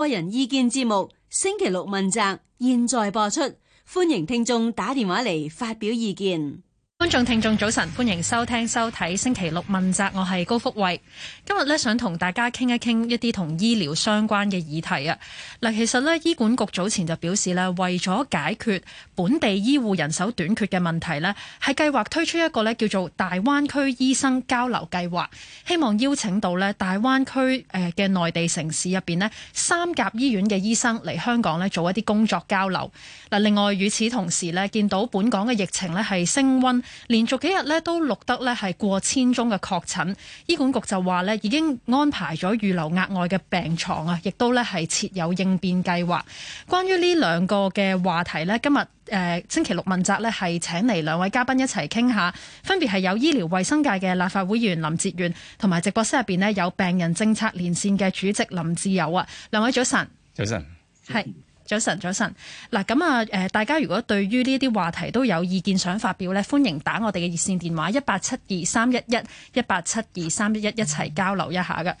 個人意見節目星期六問責，現在播出，歡迎聽眾打電話嚟發表意見。觀眾聽眾早晨，歡迎收聽收睇星期六問責，我係高福慧。今日呢，想同大家傾一傾一啲同醫療相關嘅議題啊。嗱，其實呢，醫管局早前就表示呢，為咗解決本地醫護人手短缺嘅問題呢，係計劃推出一個呢叫做，大灣區醫生交流計劃，希望邀請到呢大灣區誒嘅內地城市入邊呢三甲醫院嘅醫生嚟香港呢做一啲工作交流。嗱，另外與此同時呢，見到本港嘅疫情呢係升溫。連續幾日咧都錄得咧係過千宗嘅確診，醫管局就話咧已經安排咗預留額外嘅病床啊，亦都咧係設有應變計劃。關於呢兩個嘅話題咧，今日誒、呃、星期六問責咧係請嚟兩位嘉賓一齊傾下，分別係有醫療衛生界嘅立法會議員林哲玄，同埋直播室入邊咧有病人政策連線嘅主席林志釉啊。兩位早晨，早晨安，係。早晨，早晨。嗱咁啊，誒大家如果對於呢啲話題都有意見想發表咧，歡迎打我哋嘅熱線電話 11, 11, 一八七二三一一一八七二三一一一齊交流一下噶。嗱、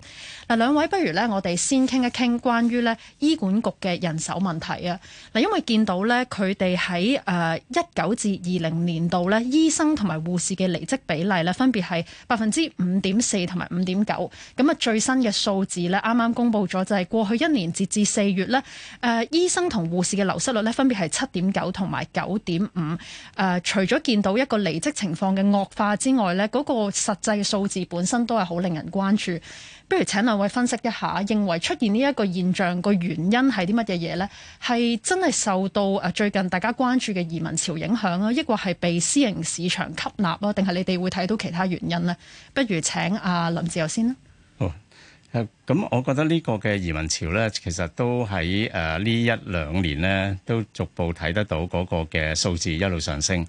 嗯，兩位不如咧，我哋先傾一傾關於咧醫管局嘅人手問題啊。嗱，因為見到咧佢哋喺誒一九至二零年度咧，醫生同埋護士嘅離職比例咧，分別係百分之五點四同埋五點九。咁啊，最新嘅數字咧，啱啱公布咗就係、是、過去一年截至四月咧，誒醫生。生同護士嘅流失率咧，分別係七點九同埋九點五。誒，除咗見到一個離職情況嘅惡化之外咧，嗰、嗰個實際數字本身都係好令人關注。不如請兩位分析一下，認為出現呢一個現象個原因係啲乜嘢嘢咧？係真係受到誒最近大家關注嘅移民潮影響啦，抑或係被私營市場吸納啦？定係你哋會睇到其他原因呢？不如請阿、啊、林志釉先呢誒，咁我覺得呢個嘅移民潮咧，其實都喺誒、呃、呢一兩年咧，都逐步睇得到嗰個嘅數字一路上升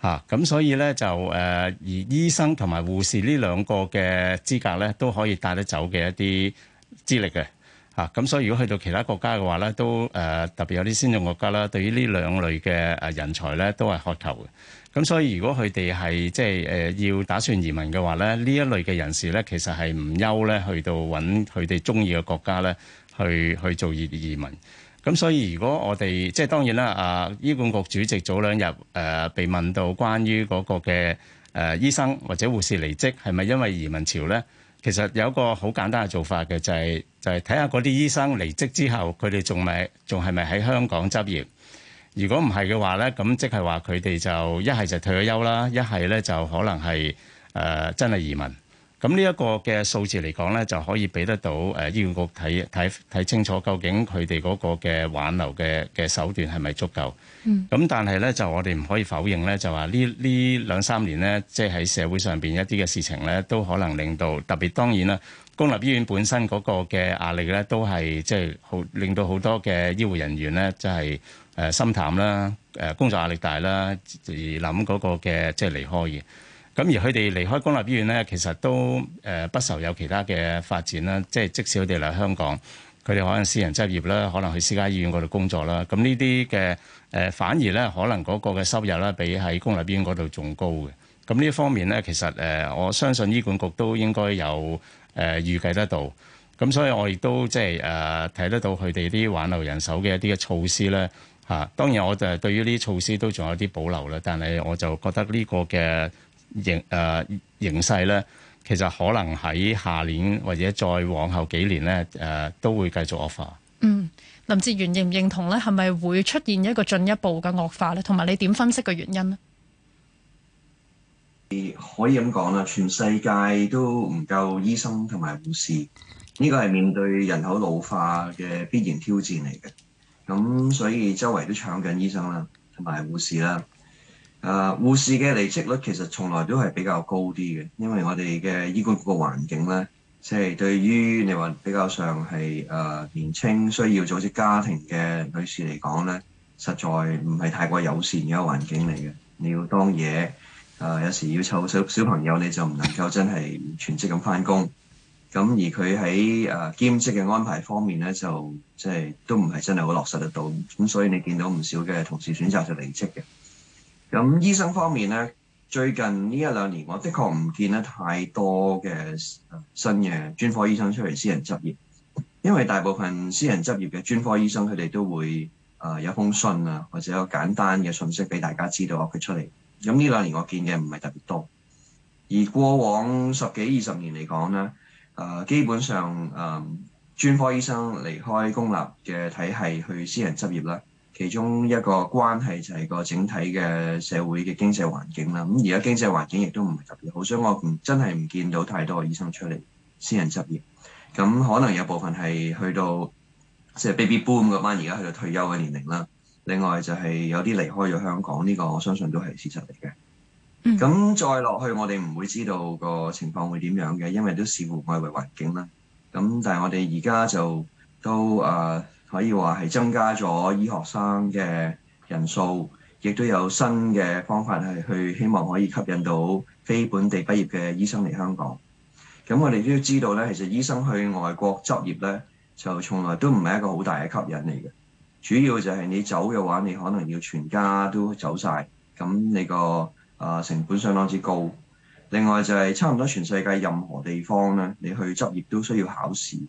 嚇。咁、啊、所以咧就誒、呃，而醫生同埋護士這兩資呢兩個嘅資格咧，都可以帶得走嘅一啲資歷嘅嚇。咁、啊、所以如果去到其他國家嘅話咧，都誒、呃、特別有啲先進國家啦，對於呢兩類嘅誒人才咧，都係渴求嘅。咁所以如果佢哋係即係誒要打算移民嘅話咧，呢一類嘅人士咧，其實係唔憂咧，去到揾佢哋中意嘅國家咧，去去做移移民。咁所以如果我哋即係當然啦，啊醫管局主席早兩日誒被問到關於嗰個嘅誒、呃、醫生或者護士離職，係咪因為移民潮咧，其實有一個好簡單嘅做法嘅，就係、是、就係睇下嗰啲醫生離職之後，佢哋仲咪仲係咪喺香港執業。如果唔係嘅話咧，咁即係話佢哋就一係就退咗休啦，一係咧就可能係誒、呃、真係移民。咁呢一個嘅數字嚟講咧，就可以俾得到誒醫院局睇睇睇清楚，究竟佢哋嗰個嘅挽留嘅嘅手段係咪足夠？嗯。咁但係咧，就我哋唔可以否認咧，就話呢呢兩三年咧，即係喺社會上邊一啲嘅事情咧，都可能令到特別當然啦，公立醫院本身嗰個嘅壓力咧，都係即係好令到好多嘅醫護人員咧，即、就、係、是。誒心淡啦，誒工作壓力大啦，而諗嗰個嘅即係離開嘅。咁而佢哋離開公立醫院咧，其實都誒不愁有其他嘅發展啦。即係即使佢哋嚟香港，佢哋可能私人執業啦，可能去私家醫院嗰度工作啦。咁呢啲嘅誒反而咧，可能嗰個嘅收入咧，比喺公立醫院嗰度仲高嘅。咁呢一方面咧，其實誒我相信醫管局都應該有誒預計得到。咁所以我亦都即係誒睇得到佢哋啲挽留人手嘅一啲嘅措施咧。啊，當然我就對於呢啲措施都仲有啲保留啦，但係我就覺得這個、呃、呢個嘅形誒形勢咧，其實可能喺下年或者再往後幾年咧誒、呃，都會繼續惡化。嗯，林志釉認唔認同咧？係咪會出現一個進一步嘅惡化咧？同埋你點分析嘅原因呢？可以咁講啦，全世界都唔夠醫生同埋護士，呢、這個係面對人口老化嘅必然挑戰嚟嘅。咁所以周圍都搶緊醫生啦，同埋護士啦。呃，護士嘅離職率其實從來都係比較高啲嘅，因為我哋嘅醫管局個環境咧，即係對於你話比較上係、呃、年青需要組織家庭嘅女士嚟講咧，實在唔係太過友善嘅一個環境嚟嘅。你要當嘢，呃，有時要湊小小朋友，你就唔能夠真係全職咁翻工。咁而佢喺誒兼職嘅安排方面咧，就即係都唔係真係好落實得到，咁所以你見到唔少嘅同事選擇就離職嘅。咁醫生方面咧，最近呢一兩年，我的確唔見得太多嘅新嘅專科醫生出嚟私人執業，因為大部分私人執業嘅專科醫生佢哋都會誒、呃、有封信啊，或者有簡單嘅信息俾大家知道啊，佢出嚟。咁呢兩年我見嘅唔係特別多，而過往十幾二十年嚟講咧。誒、呃、基本上誒、呃，專科醫生離開公立嘅體系去私人執業啦，其中一個關係就係個整體嘅社會嘅經濟環境啦。咁而家經濟環境亦都唔係特別好，所以我唔真係唔見到太多醫生出嚟私人執業。咁可能有部分係去到即係、就係、baby boom 嗰班而家去到退休嘅年齡啦。另外就係有啲離開咗香港呢、呢個，我相信都係事實嚟嘅。咁再落去，我哋唔會知道個情況會點樣嘅，因為都視乎外圍環境啦。咁但係我哋而家就都啊、呃、可以話係增加咗醫學生嘅人數，亦都有新嘅方法係去希望可以吸引到非本地畢業嘅醫生嚟香港。咁我哋都要知道呢，其實醫生去外國執業呢，就從來都唔係一個好大嘅吸引嚟嘅，主要就係你走嘅話，你可能要全家都走晒。咁你個。啊、呃，成本相當之高。另外就係差唔多全世界任何地方咧，你去執業都需要考試，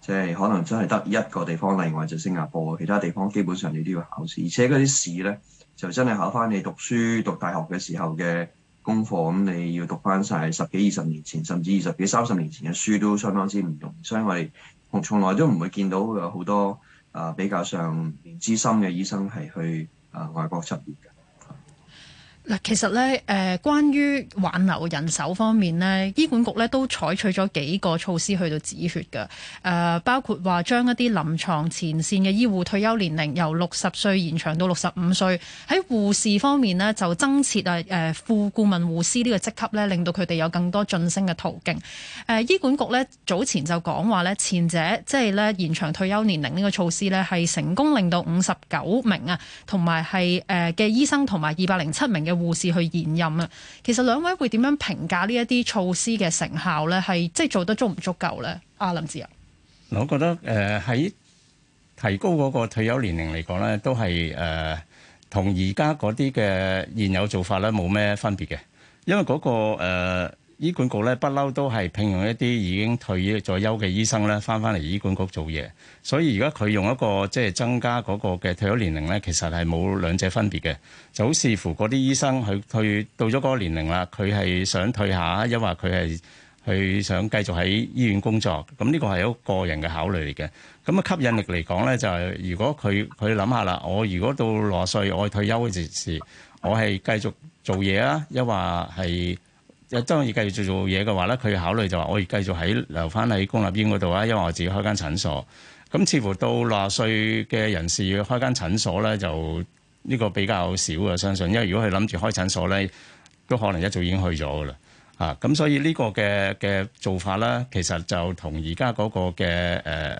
即係可能真係得一個地方例外，就係新加坡，其他地方基本上你都要考試。而且嗰啲試呢，就真係考翻你讀書讀大學嘅時候嘅功課，咁你要讀翻晒十幾二十年前，甚至二十幾、三十年前嘅書都相當之唔同。所以我哋從來來都唔會見到有好多啊、呃、比較上資深嘅醫生係去啊、呃、外國執業。嗱，其實咧，誒、呃，關於挽留人手方面呢，醫管局咧都採取咗幾個措施去到止血㗎。誒、呃，包括話將一啲臨床前線嘅醫護退休年齡由六十歲延長到六十五歲。喺護士方面呢，就增設啊誒、呃、副顧問護師呢個職級咧，令到佢哋有更多晉升嘅途徑。誒、呃，醫管局咧早前就講話咧，前者即係咧延長退休年齡呢個措施咧，係成功令到五十九名啊，同埋係誒嘅醫生同埋二百零七名嘅。護士去延任啊！其實兩位會點樣評價呢一啲措施嘅成效咧？係即係做得足唔足夠咧？阿、啊、林志釉，我覺得誒喺、呃、提高嗰個退休年齡嚟講咧，都係誒同而家嗰啲嘅現有做法咧冇咩分別嘅，因為嗰、那個、呃醫管局咧不嬲都係聘用一啲已經退咗休嘅醫生咧，翻翻嚟醫管局做嘢。所以而家佢用一個即係增加嗰個嘅退休年齡咧，其實係冇兩者分別嘅，就好視乎嗰啲醫生佢退到咗嗰個年齡啦，佢係想退下，抑或佢係佢想繼續喺醫院工作。咁呢個係一個，個人嘅考慮嚟嘅。咁啊吸引力嚟講咧，就係如果佢佢諗下啦，我如果到六十歲我退休嘅時候我係繼續做嘢啦，抑或係。又當然繼續做做嘢嘅話咧，佢考慮就話：他考慮就我而繼續喺留翻喺公立醫院嗰度啊，因為我自己開間診所。咁似乎到六十歲嘅人士要開間診所咧，就呢、這個比較少啊。相信因為如果佢諗住開診所咧，都可能一早已經去咗噶啦。啊，咁所以呢個嘅嘅做法咧，其實就同而家嗰個嘅誒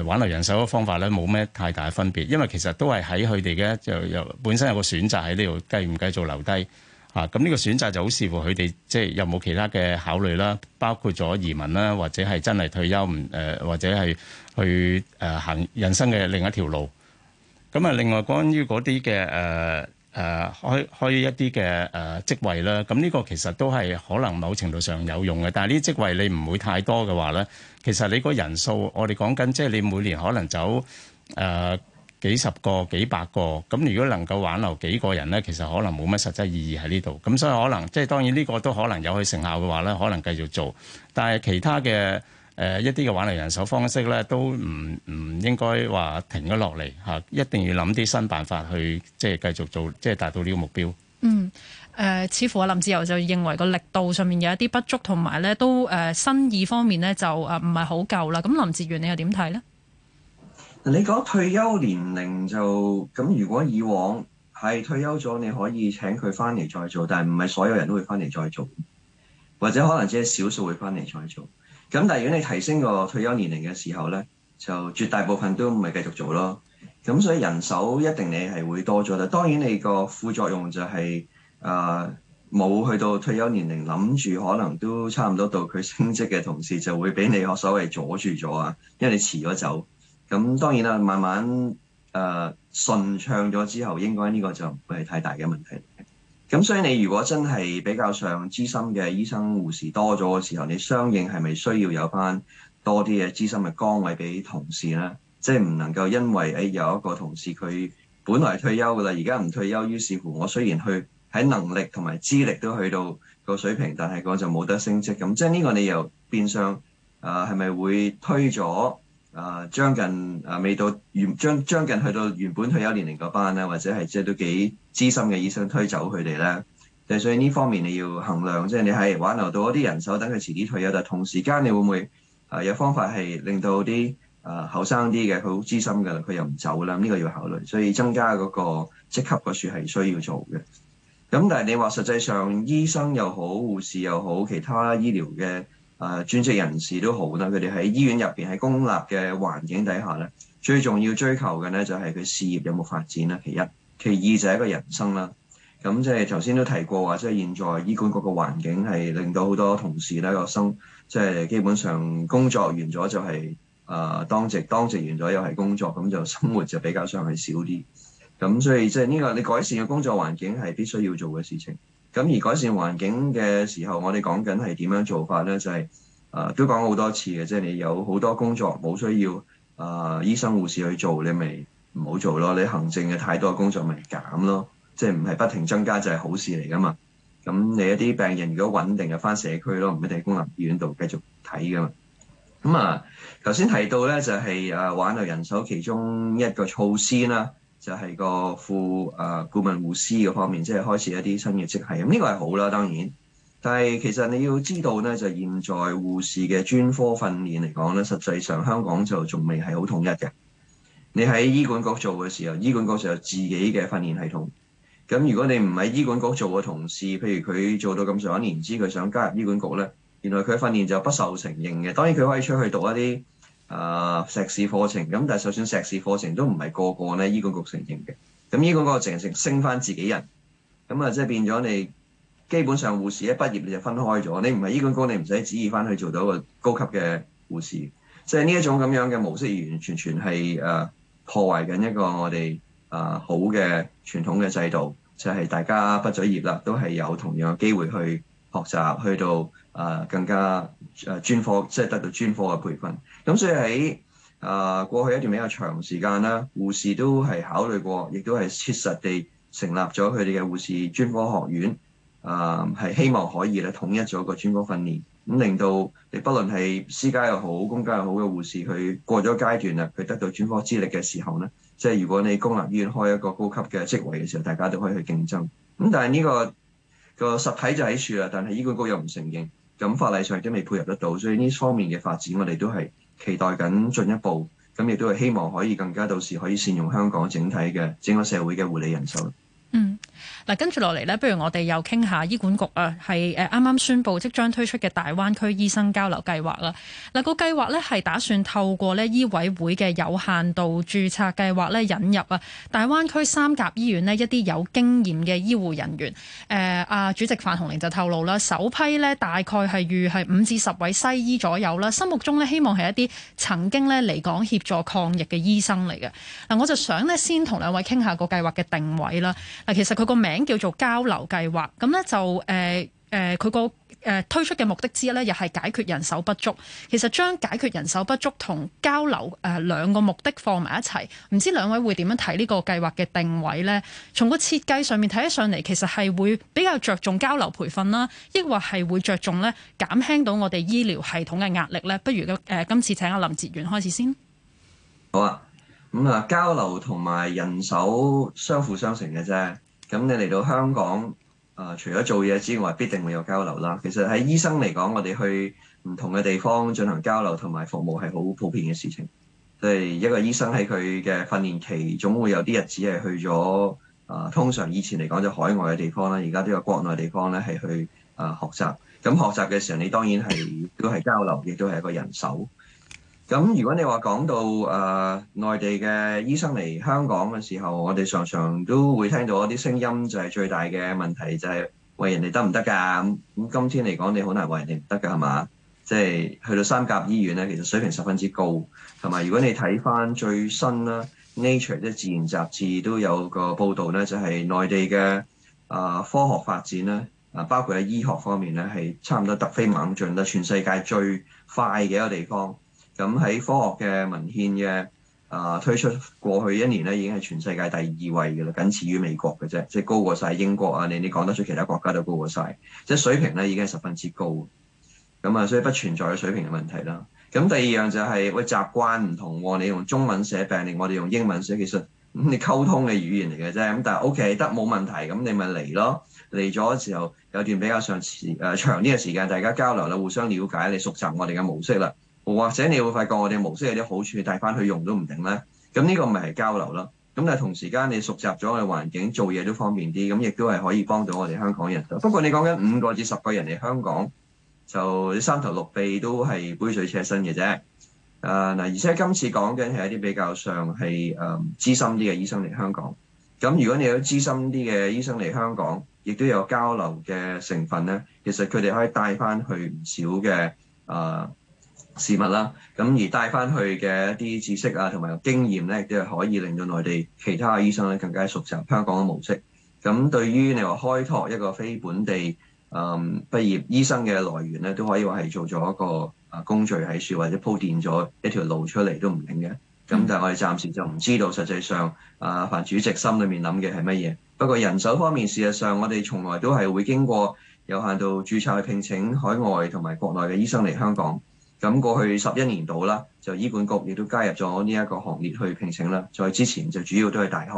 誒挽留人手嘅方法咧，冇咩太大嘅分別。因為其實都係喺佢哋嘅，就由本身有個選擇喺呢度，繼唔繼續留低。啊，咁呢個選擇就好視乎佢哋，即係有冇其他嘅考慮啦，包括咗移民啦，或者係真係退休唔誒，或者係去誒行人生嘅另一條路。咁啊，另外關於嗰啲嘅誒誒開開一啲嘅誒職位啦，咁呢個其實都係可能某程度上有用嘅，但係呢啲職位你唔會太多嘅話咧，其實你個人數，我哋講緊即係你每年可能走誒。幾十個、幾百個，咁如果能夠挽留幾個人呢？其實可能冇乜實際意義喺呢度。咁所以可能即係當然呢個都可能有佢成效嘅話呢，可能繼續做。但係其他嘅誒、呃、一啲嘅挽留人手方式呢，都唔唔應該話停咗落嚟嚇，一定要諗啲新辦法去即係繼續做，即係達到呢個目標。嗯，誒、呃，似乎阿林志釉就認為個力度上面有一啲不足，同埋呢都誒新、呃、意方面呢，就誒唔係好夠啦。咁林哲玄你又點睇呢？你講退休年齡就咁，如果以往係退休咗，你可以請佢翻嚟再做，但係唔係所有人都會翻嚟再做，或者可能只係少數會翻嚟再做。咁但係如果你提升個退休年齡嘅時候咧，就絕大部分都唔係繼續做咯。咁所以人手一定你係會多咗啦。當然你個副作用就係誒冇去到退休年齡諗住可能都差唔多到佢升職嘅同事就會俾你個所謂阻住咗啊，因為你遲咗走。咁當然啦，慢慢誒、呃、順暢咗之後，應該呢個就唔會係太大嘅問題的。咁所以你如果真係比較上資深嘅醫生護士多咗嘅時候，你相應係咪需要有翻多啲嘅資深嘅崗位俾同事咧？即係唔能夠因為誒、哎、有一個同事佢本來退休噶啦，而家唔退休，於是乎我雖然去喺能力同埋資歷都去到個水平，但係我就冇得升職。咁即係呢個你又變相誒係咪會推咗？啊，將近啊，未到原將將近去到原本退休年齡嗰班咧，或者係即係都幾資深嘅醫生推走佢哋咧。所以呢方面你要衡量，即係你係挽留到一啲人手，等佢遲啲退休，但係同時間你會唔會啊有方法係令到啲啊後生啲嘅好資深㗎啦，佢又唔走啦，呢個要考慮。所以增加嗰個職級個數係需要做嘅。咁但係你話實際上醫生又好，護士又好，其他醫療嘅，誒、啊，專職人士都好啦，佢哋喺醫院入邊，喺公立嘅環境底下咧，最重要追求嘅咧就係、是、佢事業有冇發展啦。其一，其二就係一個人生啦。咁即係頭先都提過話，即、就、係、是、現在醫管局嘅環境係令到好多同事咧個生，即、就、係、是、基本上工作完咗就係誒當值，當值完咗又係工作，咁就生活就比較上係少啲。咁所以即係呢個你改善嘅工作環境係必須要做嘅事情。咁而改善環境嘅時候，我哋講緊係點樣做法咧？就係、是、誒、呃、都講好多次嘅，即、就、係、是、你有好多工作冇需要誒、呃、醫生護士去做，你咪唔好做咯。你行政嘅太多工作咪減咯，即係唔係不停增加就係、是、好事嚟㗎嘛。咁你一啲病人如果穩定嘅，返社區咯，唔一定喺公立醫院度繼續睇㗎嘛。咁啊，頭先提到咧就係誒挽留人手其中一個措施啦。就係個副啊顧問護師嘅方面，即係開始一啲新嘅職系，咁呢個係好啦，當然。但係其實你要知道呢，就現在護士嘅專科訓練嚟講呢實際上香港就仲未係好統一嘅。你喺醫管局做嘅時候，醫管局就有自己嘅訓練系統。咁如果你唔喺醫管局做嘅同事，譬如佢做到咁上一年資，佢想加入醫管局呢，原來佢訓練就不受承認嘅。當然佢可以出去讀一啲。啊！Uh, 碩士課程咁，但係就算碩士課程都唔係個個咧醫管局承認嘅，咁醫管局淨係升翻自己人，咁啊，即係變咗你基本上護士一畢業你就分開咗，你唔係醫管局，你唔使旨意翻去做到一個高級嘅護士。即係呢一種咁樣嘅模式，完完全全係誒、啊、破壞緊一個我哋啊好嘅傳統嘅制度，就係、是、大家畢咗業啦，都係有同樣嘅機會去學習去到。啊，更加誒專科，即係得到專科嘅培訓。咁所以喺啊過去一段比較長時間啦，護士都係考慮過，亦都係切實地成立咗佢哋嘅護士專科學院。啊，係希望可以咧統一咗個專科訓練，咁令到你，不論係私家又好、公家又好嘅護士，佢過咗階段啦，佢得到專科資歷嘅時候咧，即係如果你公立醫院開一個高級嘅職位嘅時候，大家都可以去競爭。咁但係呢個個實體就喺處啦，但係醫管局又唔承認。咁法例上都未配合得到，所以呢方面嘅發展，我哋都係期待緊進一步，咁亦都係希望可以更加到時可以善用香港整體嘅整個社會嘅護理人手。嗯，嗱，跟住落嚟咧，不如我哋又傾下醫管局啊，係啱啱宣布即將推出嘅大灣區醫生交流計劃啦。嗱、那，個計劃咧係打算透過呢醫委會嘅有限度註冊計劃咧引入啊大灣區三甲醫院呢一啲有經驗嘅醫護人員。誒、呃，阿主席范鴻齡就透露啦，首批呢大概係預係五至十位西醫左右啦。心目中呢，希望係一啲曾經呢嚟港協助抗疫嘅醫生嚟嘅。嗱，我就想呢，先同兩位傾下個計劃嘅定位啦。嗱，其實佢個名叫做交流計劃，咁咧就誒誒，佢個誒推出嘅目的之一咧，又係解決人手不足。其實將解決人手不足同交流誒、呃、兩個目的放埋一齊，唔知兩位會點樣睇呢個計劃嘅定位咧？從個設計上面睇起上嚟，其實係會比較着重交流培訓啦，抑或係會着重咧減輕到我哋醫療系統嘅壓力咧？不如嘅、呃、今次請阿林哲玄開始先。好啊。咁啊，交流同埋人手相輔相成嘅啫。咁你嚟到香港，呃、除咗做嘢之外，必定會有交流啦。其實喺醫生嚟講，我哋去唔同嘅地方進行交流同埋服務，係好普遍嘅事情。即係一個醫生喺佢嘅訓練期，總會有啲日子係去咗、呃、通常以前嚟講就海外嘅地方啦，而家都有國內的地方咧係去、呃、學習。習。咁學習嘅時候，你當然係都係交流，亦都係一個人手。咁如果你話講到誒內地嘅醫生嚟香港嘅時候，我哋常常都會聽到一啲聲音，就係最大嘅問題就係喂，人哋得唔得㗎？咁咁今天嚟講，你好難為人哋唔得㗎，係嘛？即係去到三甲醫院咧，其實水平十分之高，同埋如果你睇翻最新啦，《Nature》即係自然雜誌都有個報導咧，就係內地嘅啊科學發展啦，啊包括喺醫學方面咧，係差唔多突飛猛進啦，全世界最快嘅一個地方。咁喺科學嘅文獻嘅啊推出過去一年咧，已經係全世界第二位嘅啦，僅次於美國嘅啫，即係高過晒英國啊！你你講得出其他國家都高過晒，即係水平咧已經係十分之高。咁啊，所以不存在嘅水平嘅問題啦。咁第二樣就係、是、喂習慣唔同、啊，你用中文寫病歷，我哋用英文寫，其實、嗯、你溝通嘅語言嚟嘅啫。咁但係 OK 得冇問題，咁你咪嚟咯。嚟咗時候有段比較上、呃、長啲嘅時間，大家交流啦，互相了解，你熟習我哋嘅模式啦。或者你會發覺我哋模式有啲好處，帶翻去用都唔定咧。咁呢個咪係交流咯。咁但係同時間你熟習咗嘅環境，做嘢都方便啲，咁亦都係可以幫到我哋香港人。不過你講緊五個至十個人嚟香港，就你三頭六臂都係杯水車薪嘅啫。啊、呃、嗱，而且今次講緊係一啲比較上係誒資深啲嘅醫生嚟香港。咁如果你有資深啲嘅醫生嚟香港，亦都有交流嘅成分咧，其實佢哋可以帶翻去唔少嘅啊。呃事物啦，咁而帶翻去嘅一啲知識啊，同埋經驗咧，亦都係可以令到內地其他嘅醫生咧更加熟習香港嘅模式。咁對於你話開拓一個非本地誒、嗯、畢業醫生嘅來源咧，都可以話係做咗一個啊工序喺處，或者鋪墊咗一條路出嚟都唔定嘅。咁但係我哋暫時就唔知道實際上啊，范主席心裏面諗嘅係乜嘢。不過人手方面，事實上我哋從來都係會經過有限度註冊去聘請海外同埋國內嘅醫生嚟香港。咁過去十一年度啦，就醫管局亦都加入咗呢一個行列去評審啦。再之前就主要都係大學，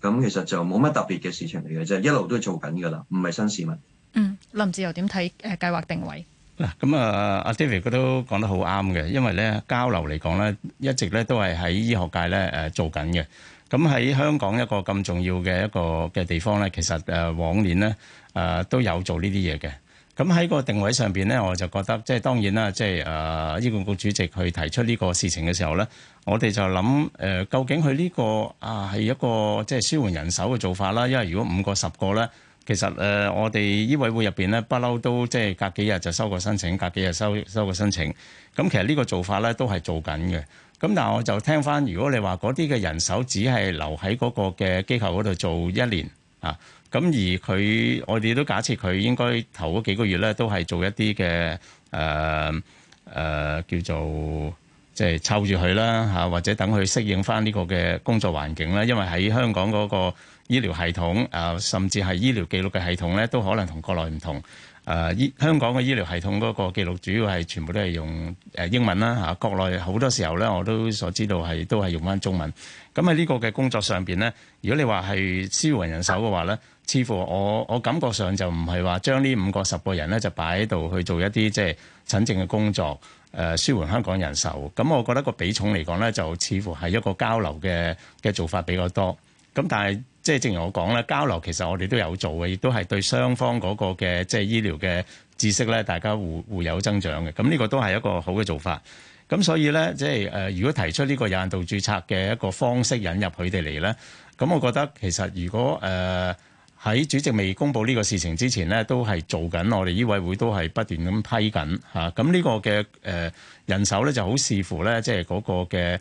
咁其實就冇乜特別嘅事情嚟嘅啫，一路都係做緊噶啦，唔係新事物。嗯，林志釉點睇誒計劃定位嗱？咁、嗯、啊，阿 David 佢都講得好啱嘅，因為咧交流嚟講咧，一直咧都係喺醫學界咧誒、呃、做緊嘅。咁喺香港一個咁重要嘅一個嘅地方咧，其實誒、啊、往年咧誒、啊、都有做呢啲嘢嘅。咁喺個定位上邊咧，我就覺得即係當然啦，即係醫管局主席去提出呢個事情嘅時候咧，我哋就諗、呃、究竟佢、這、呢個啊係一個即係舒緩人手嘅做法啦。因為如果五個十個咧，其實、呃、我哋醫委會入邊咧，不嬲都即係隔幾日就收個申請，隔幾日收收個申請。咁其實呢個做法咧都係做緊嘅。咁但係我就聽翻，如果你話嗰啲嘅人手只係留喺嗰個嘅機構嗰度做一年啊。咁而佢，我哋都假設佢應該頭嗰幾個月咧，都係做一啲嘅誒誒叫做即係湊住佢啦吓，或者等佢適應翻呢個嘅工作環境啦。因為喺香港嗰個醫療系統啊，甚至係醫療記錄嘅系統咧，都可能同國內唔同。誒、呃，香港嘅醫療系統嗰個記錄主要係全部都係用誒、呃、英文啦嚇、啊，國內好多時候咧，我都所知道係都係用翻中文。咁喺呢個嘅工作上邊咧，如果你話係舒緩人手嘅話咧，似乎我我感覺上就唔係話將呢五個十個人咧就擺喺度去做一啲即係診症嘅工作，誒、呃、舒緩香港人手。咁我覺得個比重嚟講咧，就似乎係一個交流嘅嘅做法比較多。咁但係。即係正如我講咧，交流其實我哋都有做嘅，亦都係對雙方嗰個嘅即係醫療嘅知識咧，大家互互有增長嘅。咁呢個都係一個好嘅做法。咁所以咧，即係誒、呃，如果提出呢個有限度註冊嘅一個方式引入佢哋嚟咧，咁我覺得其實如果誒喺、呃、主席未公布呢個事情之前咧，都係做緊，我哋醫委會都係不斷咁批緊嚇。咁、啊、呢個嘅誒人手咧，就好視乎咧，即係嗰個嘅。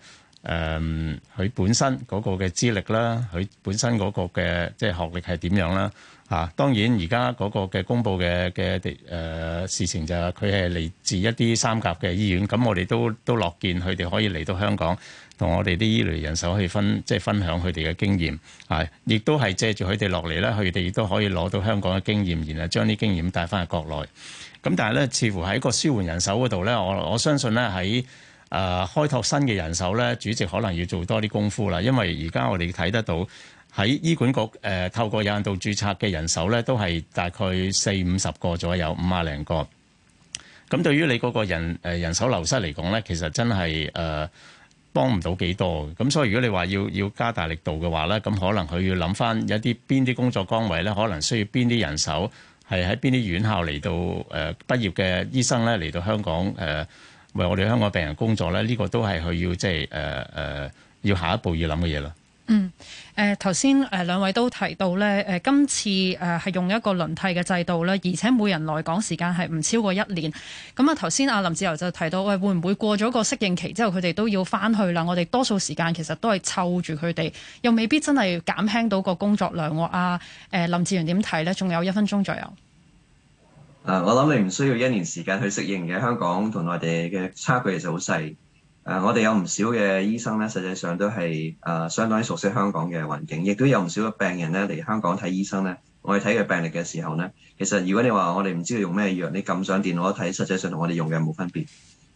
誒，佢、嗯、本身嗰個嘅資歷啦，佢本身嗰個嘅即係學歷係點樣啦？嚇、啊，當然而家嗰個嘅公佈嘅嘅誒事情就係佢係嚟自一啲三甲嘅醫院，咁我哋都都樂見佢哋可以嚟到香港，同我哋啲醫療人手去分即係、就是、分享佢哋嘅經驗，啊，亦都係借住佢哋落嚟咧，佢哋亦都可以攞到香港嘅經驗，然後將啲經驗帶翻去國內。咁但係咧，似乎喺個舒緩人手嗰度咧，我我相信咧喺。在誒、呃、開拓新嘅人手咧，主席可能要做多啲功夫啦，因為而家我哋睇得到喺醫管局、呃、透過有限度註冊嘅人手咧，都係大概四五十個左右，五啊零個。咁對於你嗰個人、呃、人手流失嚟講咧，其實真係誒、呃、幫唔到幾多。咁所以如果你話要要加大力度嘅話咧，咁可能佢要諗翻有啲邊啲工作崗位咧，可能需要邊啲人手係喺邊啲院校嚟到誒、呃、畢業嘅醫生咧嚟到香港誒。呃唔係我哋香港病人工作咧，呢、這個都係佢要即係誒、呃呃、要下一步要諗嘅嘢咯。嗯，誒頭先誒兩位都提到咧，誒、呃、今次誒係用一個輪替嘅制度啦，而且每人來港時間係唔超過一年。咁、嗯、啊，頭先阿林志釉就提到，喂會唔會過咗個適應期之後，佢哋都要翻去啦？我哋多數時間其實都係湊住佢哋，又未必真係減輕到個工作量喎啊，誒、呃、林哲玄點睇咧？仲有一分鐘左右。啊、我諗你唔需要一年時間去適應嘅，香港同內地嘅差距其實好細。我哋有唔少嘅醫生咧，實際上都係、啊、相當熟悉香港嘅環境，亦都有唔少嘅病人咧嚟香港睇醫生咧。我哋睇佢病歷嘅時候咧，其實如果你話我哋唔知道用咩藥，你撳上電腦睇，實際上同我哋用藥冇分別。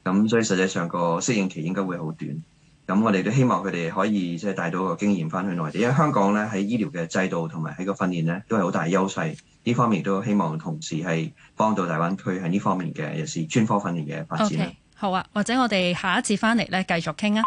咁所以實際上個適應期應該會好短。咁我哋都希望佢哋可以即係、就是、帶到個經驗翻去內地，因為香港咧喺醫療嘅制度同埋喺個訓練咧都係好大優勢。呢方面都希望同時係。幫到大灣區喺呢方面嘅，又是專科訓練嘅發展 okay, 好啊，或者我哋下一次翻嚟咧，繼續傾啊。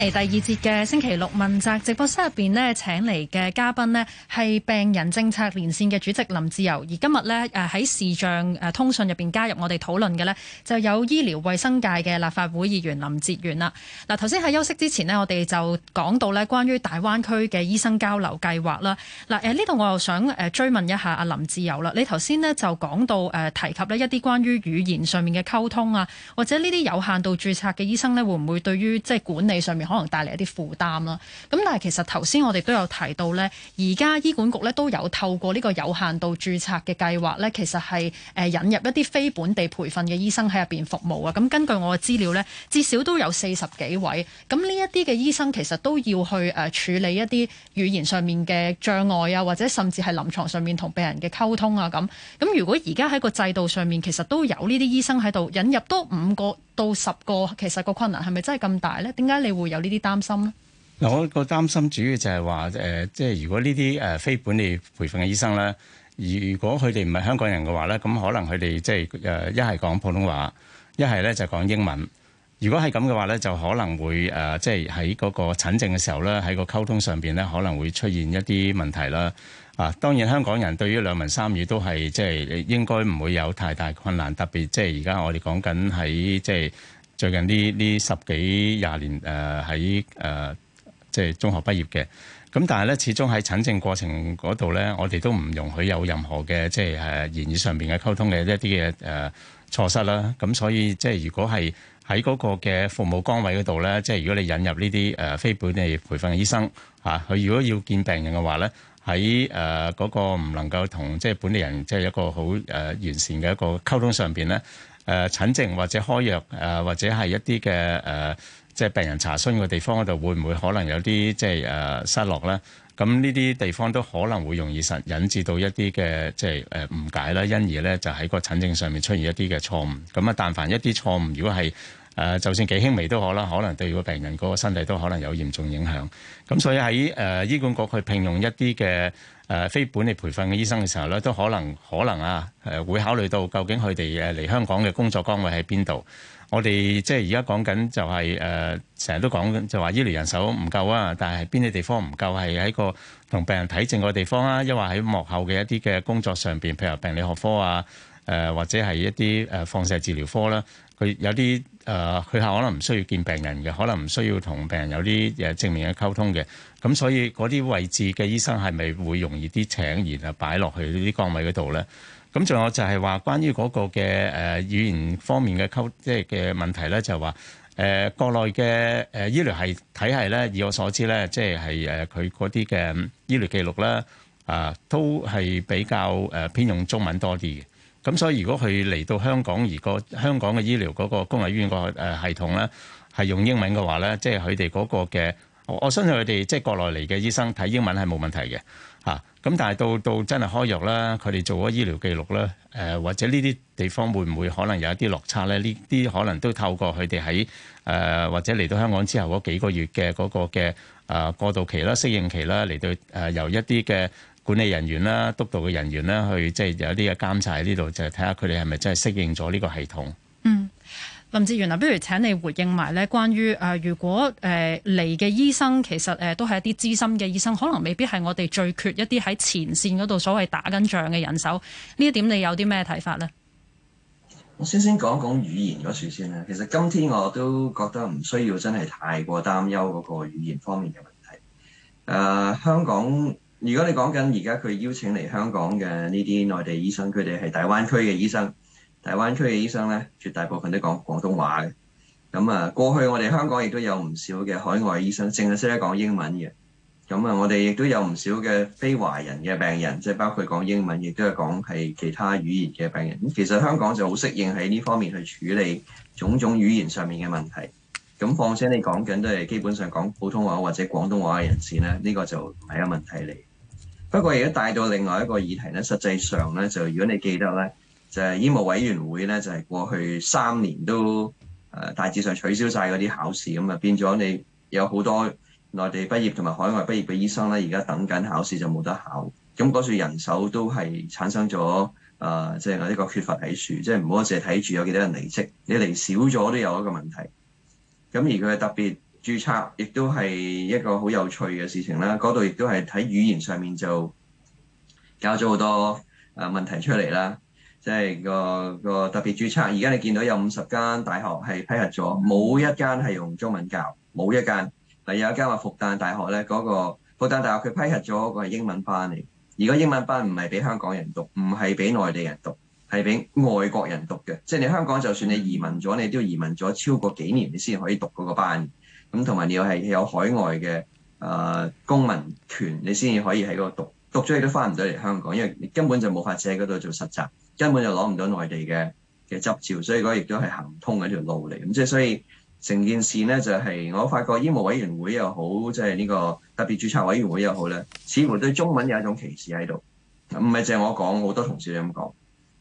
第二節嘅星期六問責直播室入邊呢，請嚟嘅嘉賓呢係病人政策連線嘅主席林志釉，而今日呢，誒喺視像誒通訊入邊加入我哋討論嘅呢，就有醫療衛生界嘅立法會議員林哲玄啦。嗱，頭先喺休息之前呢，我哋就講到咧，關於大灣區嘅醫生交流計劃啦。嗱，誒呢度我又想誒追問一下阿林志釉啦，你頭先呢就講到誒提及一啲關於語言上面嘅溝通啊，或者呢啲有限度注冊嘅醫生呢，會唔會對於即係管理上面？可能帶嚟一啲負擔啦。咁但係其實頭先我哋都有提到咧，而家醫管局咧都有透過呢個有限度註冊嘅計劃咧，其實，係誒引入一啲非本地培訓嘅醫生喺入邊服務啊。咁根據我嘅資料咧，至少都有四十幾位。咁呢一啲嘅醫生其實都要去誒處理一啲語言上面嘅障礙啊，或者甚至係臨床上面同病人嘅溝通啊咁。咁如果而家喺個制度上面其實都有呢啲醫生喺度引入多五個到十個，其實個困難係咪真係咁大咧？點解你會有有呢啲擔心咧？嗱，我個擔心主要就係話誒，即係如果呢啲誒非本地培訓嘅醫生咧，如果佢哋唔係香港人嘅話咧，咁可能佢哋即係誒一係講普通話，一係咧就講英文。如果係咁嘅話咧，就可能會誒，即係喺嗰個診症嘅時候咧，喺個溝通上邊咧，可能會出現一啲問題啦。啊、呃，當然香港人對於兩文三語都係即係應該唔會有太大困難，特別即係而家我哋講緊喺即係。即係最近呢呢十幾廿年誒喺誒即係中學畢業嘅，咁但係咧始終喺診症過程嗰度咧，我哋都唔容許有任何嘅即係誒言語上面嘅溝通嘅一啲嘅誒措施啦。咁所以即係如果係喺嗰個嘅服務崗位嗰度咧，即係如果你引入呢啲誒非本地培訓嘅醫生啊，佢如果要見病人嘅話咧，喺誒嗰個唔能夠同即係本地人即係一個好誒完善嘅一個溝通上面咧。誒診症或者開藥誒或者係一啲嘅誒，即、呃、係、就是、病人查詢嘅地方嗰度，會唔會可能有啲即係誒失落咧？咁呢啲地方都可能會容易實引致到一啲嘅即係誒誤解啦，因而咧就喺個診症上面出現一啲嘅錯誤。咁啊，但凡一啲錯誤，如果係，誒，就算幾輕微都好啦，可能對個病人嗰個身體都可能有嚴重影響。咁所以喺誒醫管局去聘用一啲嘅誒非本地培訓嘅醫生嘅時候咧，都可能可能啊誒會考慮到究竟佢哋誒嚟香港嘅工作崗位喺邊度？我哋即係而家講緊就係誒成日都講緊就話醫療人手唔夠啊，但係邊啲地方唔夠係喺個同病人睇症嘅地方啊，抑或喺幕後嘅一啲嘅工作上邊，譬如病理學科啊。誒或者係一啲誒放射治療科啦，佢有啲誒佢係可能唔需要見病人嘅，可能唔需要同病人有啲誒、啊、正面嘅溝通嘅。咁所以嗰啲位置嘅醫生係咪會容易啲請然後擺落去呢啲崗位嗰度咧？咁仲有就係話關於嗰個嘅誒、呃、語言方面嘅溝即係嘅問題咧，就話、係、誒、呃、國內嘅誒、呃、醫療係體系咧，以我所知咧，即係係誒佢嗰啲嘅醫療記錄咧啊、呃，都係比較誒、呃、偏用中文多啲嘅。咁所以如果佢嚟到香港而個香港嘅醫療嗰個公立醫院個誒系統咧，係用英文嘅話咧，即係佢哋嗰個嘅，我相信佢哋即係國內嚟嘅醫生睇英文係冇問題嘅嚇。咁、啊、但係到到真係開藥啦，佢哋做咗醫療記錄啦，誒、呃、或者呢啲地方會唔會可能有一啲落差咧？呢啲可能都透過佢哋喺誒或者嚟到香港之後嗰幾個月嘅嗰個嘅誒、呃、過渡期啦、適應期啦嚟到誒、呃、由一啲嘅。管理人員啦，督導嘅人員啦，去即係有啲嘅監察喺呢度，就係睇下佢哋係咪真係適應咗呢個系統。嗯，林哲玄啊，不如請你回應埋咧，關於誒，如果誒嚟嘅醫生，其實誒、呃、都係一啲資深嘅醫生，可能未必係我哋最缺一啲喺前線嗰度所謂打緊仗嘅人手。呢一點你有啲咩睇法呢？我先先講講語言嗰處先啦。其實今天我都覺得唔需要真係太過擔憂嗰個語言方面嘅問題。誒、呃，香港。如果你講緊而家佢邀請嚟香港嘅呢啲內地醫生，佢哋係大灣區嘅醫生，大灣區嘅醫生呢，絕大部分都講廣東話。咁啊，過去我哋香港亦都有唔少嘅海外醫生，淨係識得講英文嘅。咁啊，我哋亦都有唔少嘅非華人嘅病人，即係包括講英文，亦都係講係其他語言嘅病人。咁其實香港就好適應喺呢方面去處理種種語言上面嘅問題。咁況且你講緊都係基本上講普通話或者廣東話嘅人士呢，呢個就唔係一個問題嚟。.不過，而家帶到另外一個議題咧，實際上咧就如果你記得咧，就係醫務委員會咧，就係過去三年都誒大致上取消晒嗰啲考試，咁啊變咗你有好多內地畢業同埋海外畢業嘅醫生咧，而家等緊考試就冇得考。咁嗰處人手都係產生咗誒，即係我呢個缺乏睇住，即係唔好凈係睇住有幾多人離職，你離少咗都有一個問題。咁而佢特別。註冊亦都係一個好有趣嘅事情啦。嗰度亦都係喺語言上面就搞咗好多誒問題出嚟啦。即係個個特別註冊，而家你見到有五十間大學係批核咗，冇一間係用中文教，冇一間。有一間話復旦大學咧，嗰個復旦大學佢批核咗個係英文班嚟。而個英文班唔係俾香港人讀，唔係俾內地人讀，係俾外國人讀嘅。即係你香港就算你移民咗，你都要移民咗超過幾年，你先可以讀嗰個班。咁同埋你要係有海外嘅誒、呃、公民權，你先至可以喺嗰度讀讀咗，你都翻唔到嚟香港，因為你根本就冇法子喺嗰度做實習，根本就攞唔到內地嘅嘅執照，所以嗰亦都係行唔通嘅一條路嚟。咁即係所以成件事呢，就係、是、我發覺醫務委員會又好，即係呢個特別註冊委員會又好咧，似乎對中文有一種歧視喺度。唔係淨係我講，好多同事都咁講。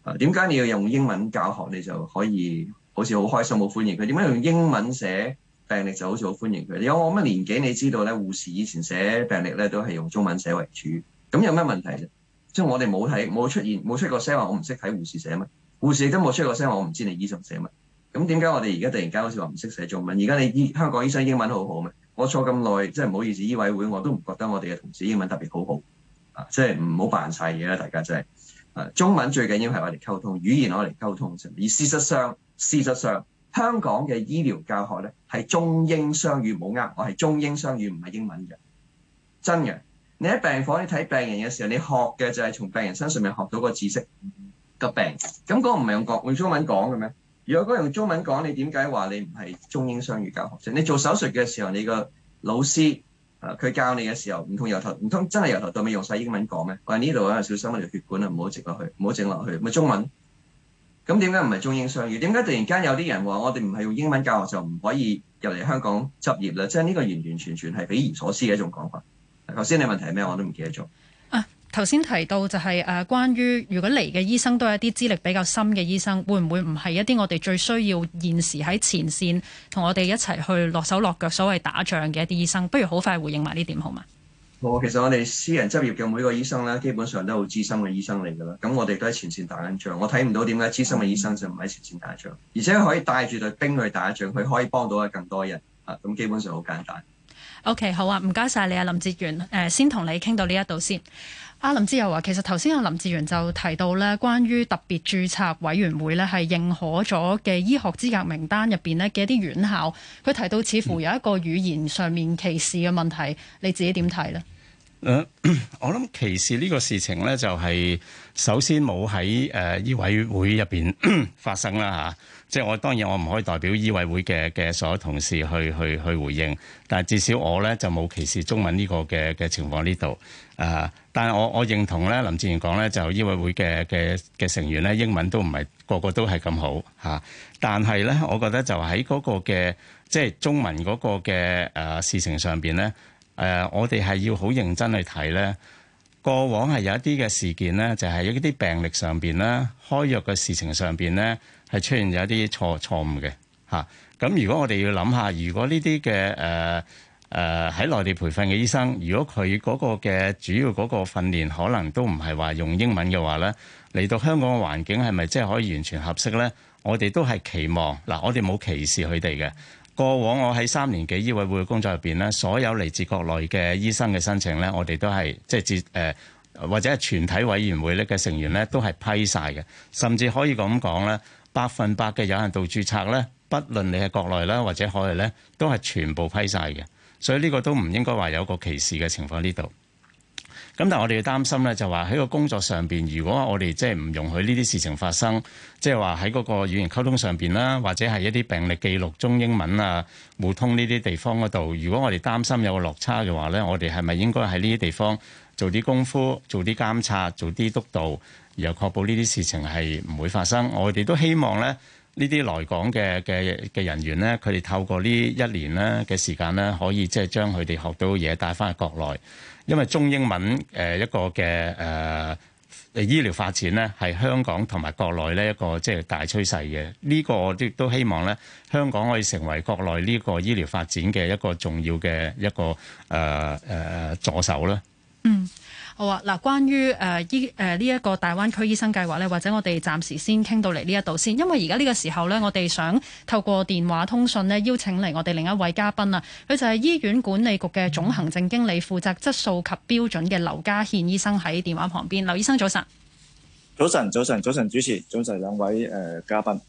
啊、點解你要用英文教學，你就可以好似好開心、好歡迎佢？點解用英文寫？病歷就好似好歡迎佢，因為我乜年紀，你知道咧，護士以前寫病歷咧都係用中文寫為主，咁有乜問題啫？即係我哋冇睇，冇出現，冇出過聲話我唔識睇護士寫乜，護士亦都冇出過聲話我唔知你醫生寫乜，咁點解我哋而家突然間好似話唔識寫中文？而家你醫香港醫生英文好好咩？我坐咁耐，即係唔好意思，醫委會我都唔覺得我哋嘅同事英文特別好好，啊，即係唔好扮晒嘢啦，大家真係，啊，中文最緊要係我哋溝通，語言我嚟溝通，而事實上，事實上。香港嘅醫療教學咧係中英雙語冇啱，我係中英雙語唔係英文嘅，真嘅。你喺病房你睇病人嘅時候，你學嘅就係從病人身上面學到個知識，嗯、那那個病。咁嗰個唔係用國用中文講嘅咩？如果嗰個用中文講，你點解話你唔係中英雙語教學先？你做手術嘅時候，你個老師啊，佢教你嘅時候，唔通由頭，唔通真係由頭到尾用晒英文講咩？喂、啊，呢度有小心條血管啊，唔好直落去，唔好整落去，咪、就是、中文。咁點解唔係中英雙語？點解突然間有啲人話我哋唔係用英文教學就唔可以入嚟香港執業啦？即係呢個完完全全係匪夷所思嘅一種講法。頭先你問題係咩？我都唔記得咗啊。頭先提到就係誒，關於如果嚟嘅醫生都係一啲資歷比較深嘅醫生，會唔會唔係一啲我哋最需要現時喺前線同我哋一齊去落手落腳所謂打仗嘅一啲醫生？不如好快回應埋呢點好嘛？其實我哋私人執業嘅每個醫生咧，基本上都好資深嘅醫生嚟噶啦。咁我哋都喺前線打緊仗，我睇唔到點解資深嘅醫生就唔喺前線打仗，而且可以帶住隊兵去打仗，佢可以幫到更多人啊！咁基本上好簡單。OK，好啊，唔該晒你啊，林哲玄。誒，先同你傾到呢一度先。阿林志釉啊，其實頭先阿林哲玄就提到咧，關於特別註冊委員會咧係認可咗嘅醫學資格名單入邊呢嘅一啲院校，佢提到似乎有一個語言上面歧視嘅問題。嗯、你自己點睇咧？誒，我諗歧視呢個事情咧，就係首先冇喺誒醫委會入邊發生啦嚇。即係我當然我唔可以代表醫委會嘅嘅所有同事去去去回應，但係至少我咧就冇歧視中文呢個嘅嘅情況呢度啊。但係我我認同咧林志釉講咧，就醫委會嘅嘅嘅成員咧，英文都唔係個個都係咁好嚇、啊。但係咧，我覺得就喺嗰個嘅即係中文嗰個嘅誒、啊、事情上邊咧，誒、啊、我哋係要好認真去睇咧。過往係有一啲嘅事件咧，就係、是、一啲病歷上邊咧，開藥嘅事情上邊咧。係出現咗一啲錯錯誤嘅吓，咁、啊、如果我哋要諗下，如果呢啲嘅誒誒喺內地培訓嘅醫生，如果佢嗰個嘅主要嗰個訓練可能都唔係話用英文嘅話咧，嚟到香港嘅環境係咪即係可以完全合適咧？我哋都係期望嗱、啊，我哋冇歧視佢哋嘅。過往我喺三年幾醫委會嘅工作入面咧，所有嚟自國內嘅醫生嘅申請咧，我哋都係即係接、呃、或者係全體委員會咧嘅成員咧，都係批晒嘅，甚至可以咁講咧。百分百嘅有限度註冊呢，不論你係國內啦，或者海外呢，都係全部批晒嘅，所以呢個都唔應該話有個歧視嘅情況喺度。咁但係我哋要擔心呢，就話喺個工作上邊，如果我哋即係唔容許呢啲事情發生，即係話喺嗰個語言溝通上邊啦，或者係一啲病歷記錄中英文啊互通呢啲地方嗰度，如果我哋擔心有個落差嘅話呢，我哋係咪應該喺呢啲地方做啲功夫、做啲監察、做啲督導？又確保呢啲事情係唔會發生，我哋都希望咧，呢啲來港嘅嘅嘅人員咧，佢哋透過呢一年咧嘅時間咧，可以即係將佢哋學到嘢帶翻去國內，因為中英文誒一個嘅誒、呃、醫療發展咧，係香港同埋國內咧一個即係大趨勢嘅。呢、這個亦都希望咧，香港可以成為國內呢個醫療發展嘅一個重要嘅一個誒誒助手啦。嗯。好啊，嗱，關於誒醫誒呢一個大灣區醫生計劃呢，或者我哋暫時先傾到嚟呢一度先，因為而家呢個時候呢，我哋想透過電話通訊呢，邀請嚟我哋另一位嘉賓啊，佢就係醫院管理局嘅總行政經理，負責質素及標準嘅劉家獻醫生喺電話旁邊。劉醫生早晨，早晨，早晨，早晨，早晨，主持，早晨兩位，兩位誒嘉賓。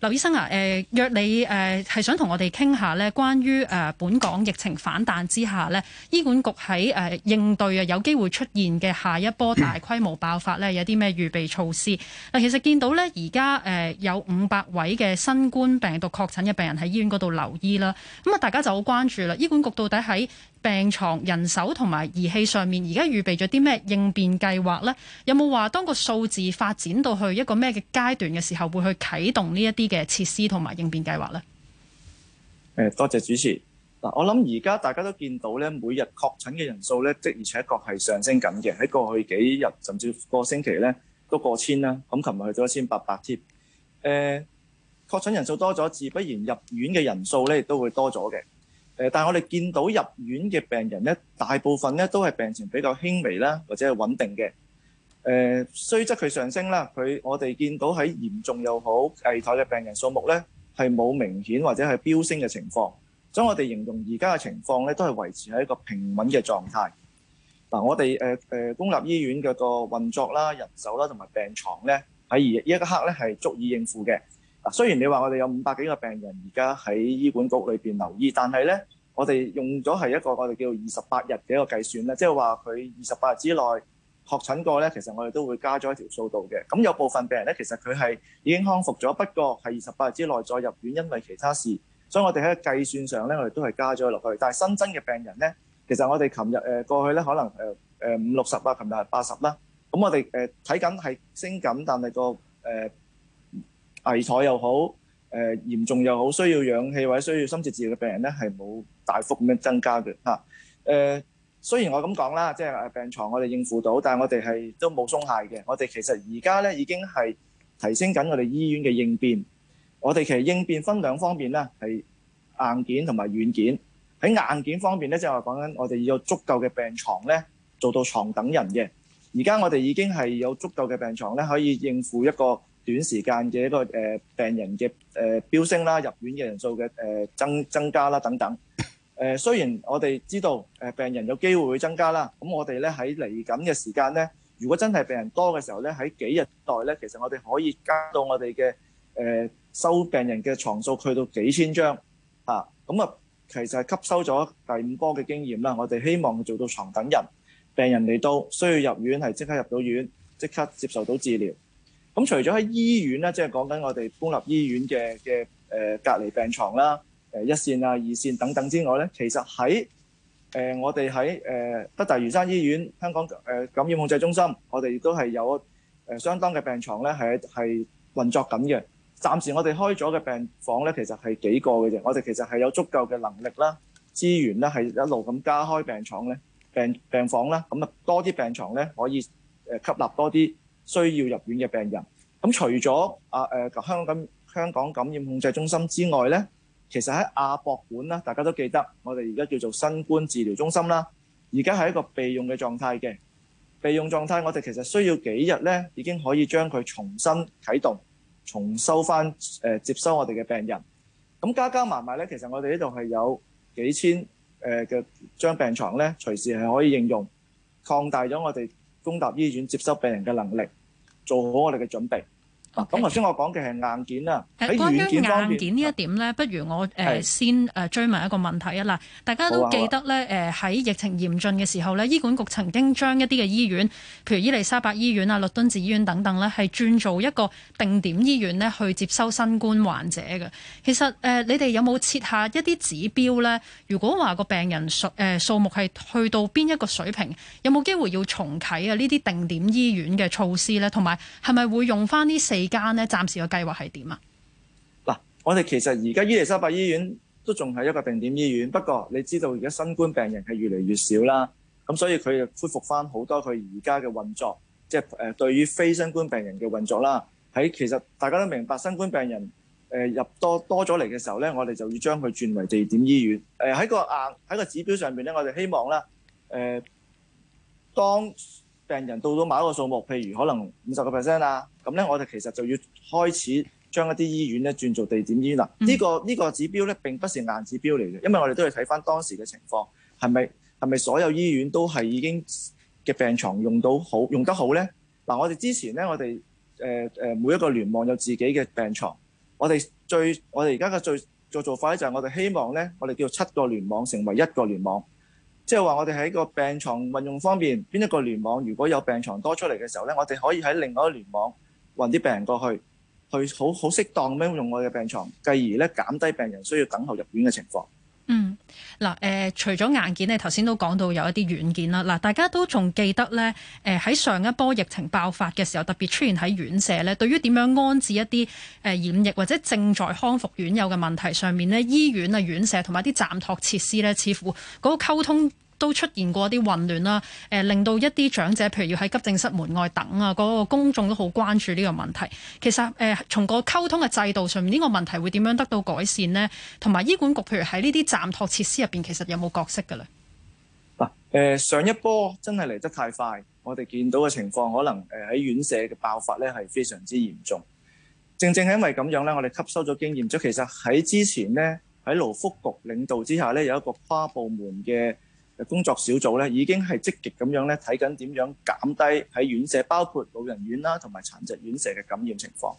劉醫生啊，誒、呃、約你誒係、呃、想同我哋傾下呢關於誒、呃、本港疫情反彈之下呢，醫管局喺誒、呃、應對啊，有機會出現嘅下一波大規模爆發呢，有啲咩預備措施？嗱、呃，其實見到呢，而家誒有五百位嘅新冠病毒確診嘅病人喺醫院嗰度留醫啦，咁啊大家就好關注啦。醫管局到底喺，病床、人手同埋儀器上面，而家預備咗啲咩應變計劃呢？有冇話當個數字發展到去一個咩嘅階段嘅時候，會去啟動呢一啲嘅設施同埋應變計劃呢？多謝主持。嗱，我諗而家大家都見到呢，每日確診嘅人數呢，的而且確係上升緊嘅。喺過去幾日甚至個星期呢，都過千啦。咁琴日去咗一千八百添。誒，確診人數多咗，自不然入院嘅人數呢，亦都會多咗嘅。呃、但係我哋見到入院嘅病人咧，大部分咧都係病情比較輕微啦，或者係穩定嘅。誒、呃，雖則佢上升啦，佢我哋見到喺嚴重又好危殆嘅病人數目咧，係冇明顯或者係飆升嘅情況。所以，我哋形容而家嘅情況咧，都係維持喺一個平穩嘅狀態。嗱、呃，我哋誒、呃、公立醫院嘅個運作啦、人手啦同埋病床咧，喺呢一刻咧係足以應付嘅。嗱，雖然你話我哋有五百幾個病人而家喺醫管局裏邊留醫，但係咧，我哋用咗係一個我哋叫二十八日嘅一個計算咧，即係話佢二十八日之內確診過咧，其實我哋都會加咗一條數度嘅。咁有部分病人咧，其實佢係已經康復咗，不過係二十八日之內再入院，因為其他事，所以我哋喺個計算上咧，我哋都係加咗落去。但係新增嘅病人咧，其實我哋琴日誒過去咧，可能誒誒五六十啊，琴日係八十啦。咁我哋誒睇緊係升緊，但係、個誒。呃危殆又好，誒、呃、嚴重又好，需要氧氣或者需要深切治療嘅病人咧，係冇大幅咁樣增加嘅吓。誒、啊呃，雖然我咁講啦，即係病床我哋應付到，但係我哋係都冇鬆懈嘅。我哋其實而家咧已經係提升緊我哋醫院嘅應變。我哋其實應變分兩方面呢，係硬件同埋軟件。喺硬件方面咧，即係話講緊我哋要有足夠嘅病床咧，做到床等人嘅。而家我哋已經係有足夠嘅病床咧，可以應付一個。短時間嘅一個病人嘅誒飆升啦，入院嘅人數嘅增增加啦等等。誒雖然我哋知道病人有機會會增加啦，咁我哋咧喺嚟緊嘅時間咧，如果真係病人多嘅時候咧，喺幾日內咧，其實我哋可以加到我哋嘅、呃、收病人嘅床數去到幾千張吓。咁啊，其實係吸收咗第五波嘅經驗啦，我哋希望做到床等人，病人嚟到需要入院係即刻入到院，即刻接受到治療。咁、嗯、除咗喺醫院咧，即係講緊我哋公立醫院嘅嘅誒隔離病床啦、呃、一線啊、二線等等之外咧，其實喺誒、呃、我哋喺誒北大嶼山醫院、香港誒、呃、感染控制中心，我哋亦都係有、呃、相當嘅病床咧，係係運作緊嘅。暫時我哋開咗嘅病房咧，其實係幾個嘅啫。我哋其實係有足夠嘅能力啦、資源啦，係一路咁加開病床咧、病病房啦，咁、嗯、啊多啲病床咧可以誒吸納多啲需要入院嘅病人，咁除咗啊、呃、香港感香港感染控制中心之外咧，其實喺亞博館啦，大家都記得我哋而家叫做新冠治療中心啦，而家係一個備用嘅狀態嘅備用狀態，我哋其實需要幾日咧，已經可以將佢重新啟動，重修翻誒接收我哋嘅病人。咁加加埋埋咧，其實我哋呢度係有幾千誒嘅張病床咧，隨時係可以應用，擴大咗我哋公立醫院接收病人嘅能力。做好我哋嘅準備。咁頭先我講嘅係硬件啦，關於硬件呢一點呢，不如我、呃、是先追問一個問題啊！嗱，大家都記得呢，喺、呃、疫情嚴峻嘅時候呢，醫管局曾經將一啲嘅醫院，譬如伊利沙伯醫院啊、律敦治醫院等等呢，係轉做一個定點醫院呢去接收新冠患者嘅。其實、呃、你哋有冇設下一啲指標呢？如果話個病人數、呃、數目係去到邊一個水平，有冇機會要重啟啊？呢啲定點醫院嘅措施呢，同埋係咪會用翻呢四？而家咧，暫時嘅計劃係點啊？嗱，我哋其實而家伊利沙伯醫院都仲係一個定點醫院，不過你知道而家新冠病人係越嚟越少啦，咁所以佢就恢復翻好多佢而家嘅運作，即係誒對於非新冠病人嘅運作啦。喺其實大家都明白新冠病人誒、呃、入多多咗嚟嘅時候咧，我哋就要將佢轉為第二點醫院。誒、呃、喺個硬喺個指標上面咧，我哋希望咧誒、呃、當。病人到到某一個數目，譬如可能五十個 percent 啊，咁咧我哋其實就要開始將一啲醫院咧轉做定點醫院啦。呢個呢個指標咧並不是硬指標嚟嘅，因為我哋都要睇返當時嘅情況，係咪係咪所有醫院都係已經嘅病床用到好用得好咧？嗱，我哋之前咧我哋誒誒每一個聯網有自己嘅病床。我哋最我哋而家嘅最做做法咧就係我哋希望咧我哋叫做七個聯網成為一個聯網。即係話我哋喺個病床運用方面，邊一個聯網如果有病床多出嚟嘅時候咧，我哋可以喺另外一個聯網運啲病人過去，去好好適當咁樣用我哋嘅病床，繼而咧減低病人需要等候入院嘅情況。嗯，嗱，誒，除咗硬件咧，頭先都講到有一啲軟件啦。嗱，大家都仲記得呢，誒、呃，喺上一波疫情爆發嘅時候，特別出現喺院舍呢，對於點樣安置一啲誒染疫或者正在康復院友嘅問題上面咧，醫院啊、院舍同埋啲暫托設施呢，似乎嗰個溝通都出現過一啲混亂啦，誒、呃，令到一啲長者，譬如要喺急症室門外等啊，嗰、那個公眾都好關注呢個問題。其實誒、呃，從個溝通嘅制度上面，呢、這個問題會點樣得到改善呢？同埋醫管局，譬如喺呢啲暫托設施入邊，其實有冇角色㗎咧？嗱、啊呃，上一波真係嚟得太快，我哋見到嘅情況可能誒喺院舍嘅爆發呢係非常之嚴重。正正係因為咁樣呢，我哋吸收咗經驗，即其實喺之前呢，喺勞福局領導之下呢，有一個跨部門嘅。工作小組咧已經係積極咁樣咧睇緊點樣減低喺院舍，包括老人院啦同埋殘疾院舍嘅感染情況。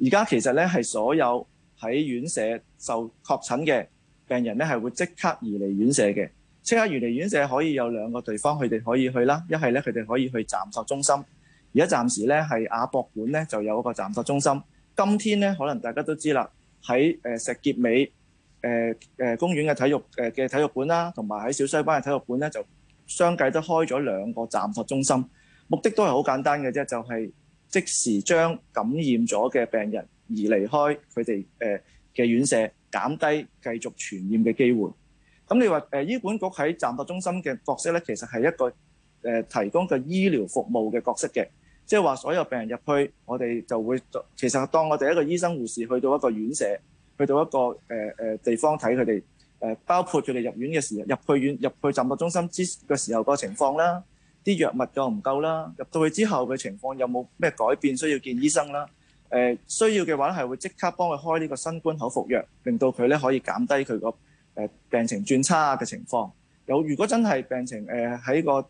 而家其實咧係所有喺院舍受確診嘅病人咧係會即刻移離院舍嘅。即刻移離院舍可以有兩個地方佢哋可以去啦，一係咧佢哋可以去暫託中心。而家暫時咧係亞博館咧就有一個暫託中心。今天咧可能大家都知啦，喺石硤尾，誒誒、呃、公園嘅體育誒嘅、呃、體育館啦，同埋喺小西灣嘅體育館咧，就相繼都開咗兩個暫托中心，目的都係好簡單嘅啫，就係、是、即時將感染咗嘅病人移離開佢哋誒嘅院舍，減低繼續傳染嘅機會。咁你話誒、呃、醫管局喺暫托中心嘅角色咧，其實係一個誒、呃、提供嘅醫療服務嘅角色嘅，即係話所有病人入去，我哋就會其實當我哋一個醫生護士去到一個院舍，去到一個誒、呃、地方睇佢哋誒，包括佢哋入院嘅時候，入去院入去診所中心之嘅時候個情況啦，啲藥物夠唔夠啦？入到去之後嘅情況有冇咩改變？需要見醫生啦。呃、需要嘅話，係會即刻幫佢開呢個新冠口服藥，令到佢咧可以減低佢個誒病情轉差嘅情況。有如果真係病情誒喺、呃、個誒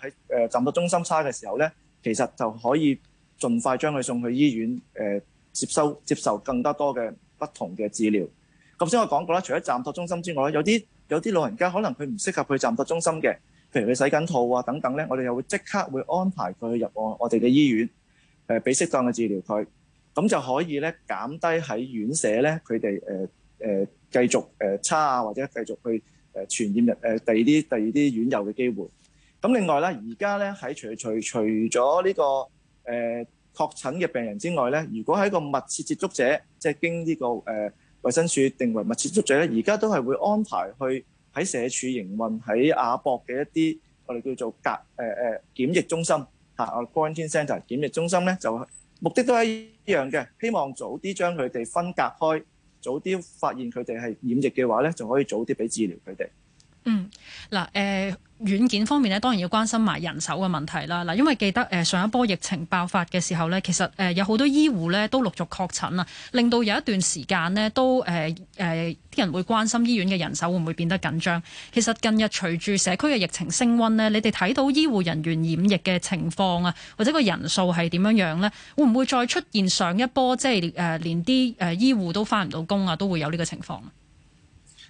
喺誒診所中心差嘅時候咧，其實就可以盡快將佢送去醫院、呃、接收接受更加多嘅。不同嘅治療，頭先我講過啦，除咗暫托中心之外，有啲有啲老人家可能佢唔適合去暫托中心嘅，譬如佢洗緊套啊等等咧，我哋又會即刻會安排佢去入我哋嘅醫院，誒俾適當嘅治療佢，咁就可以咧減低喺院舍咧佢哋誒誒繼續誒、呃、差啊，或者繼續去誒、呃、傳染入誒、呃、第二啲第二啲院友嘅機會。咁另外咧，而家咧喺除除除咗呢個誒。呃確診嘅病人之外咧，如果係一個密切接觸者，即係經呢個誒衞生署定為密切接觸者咧，而家都係會安排去喺社署營運喺亞博嘅一啲我哋叫做隔誒誒、呃、檢疫中心嚇，我哋 quarantine centre e 檢疫中心咧，就目的都係一樣嘅，希望早啲將佢哋分隔開，早啲發現佢哋係染疫嘅話咧，仲可以早啲俾治療佢哋。嗯，嗱誒。呃軟件方面呢，當然要關心埋人手嘅問題啦。嗱，因為記得誒上一波疫情爆發嘅時候呢，其實誒有好多醫護咧都陸續確診啊，令到有一段時間呢，都誒誒啲人會關心醫院嘅人手會唔會變得緊張。其實近日隨住社區嘅疫情升溫呢，你哋睇到醫護人員染疫嘅情況啊，或者個人數係點樣樣呢，會唔會再出現上一波，即係誒連啲誒、呃呃、醫護都翻唔到工啊，都會有呢個情況？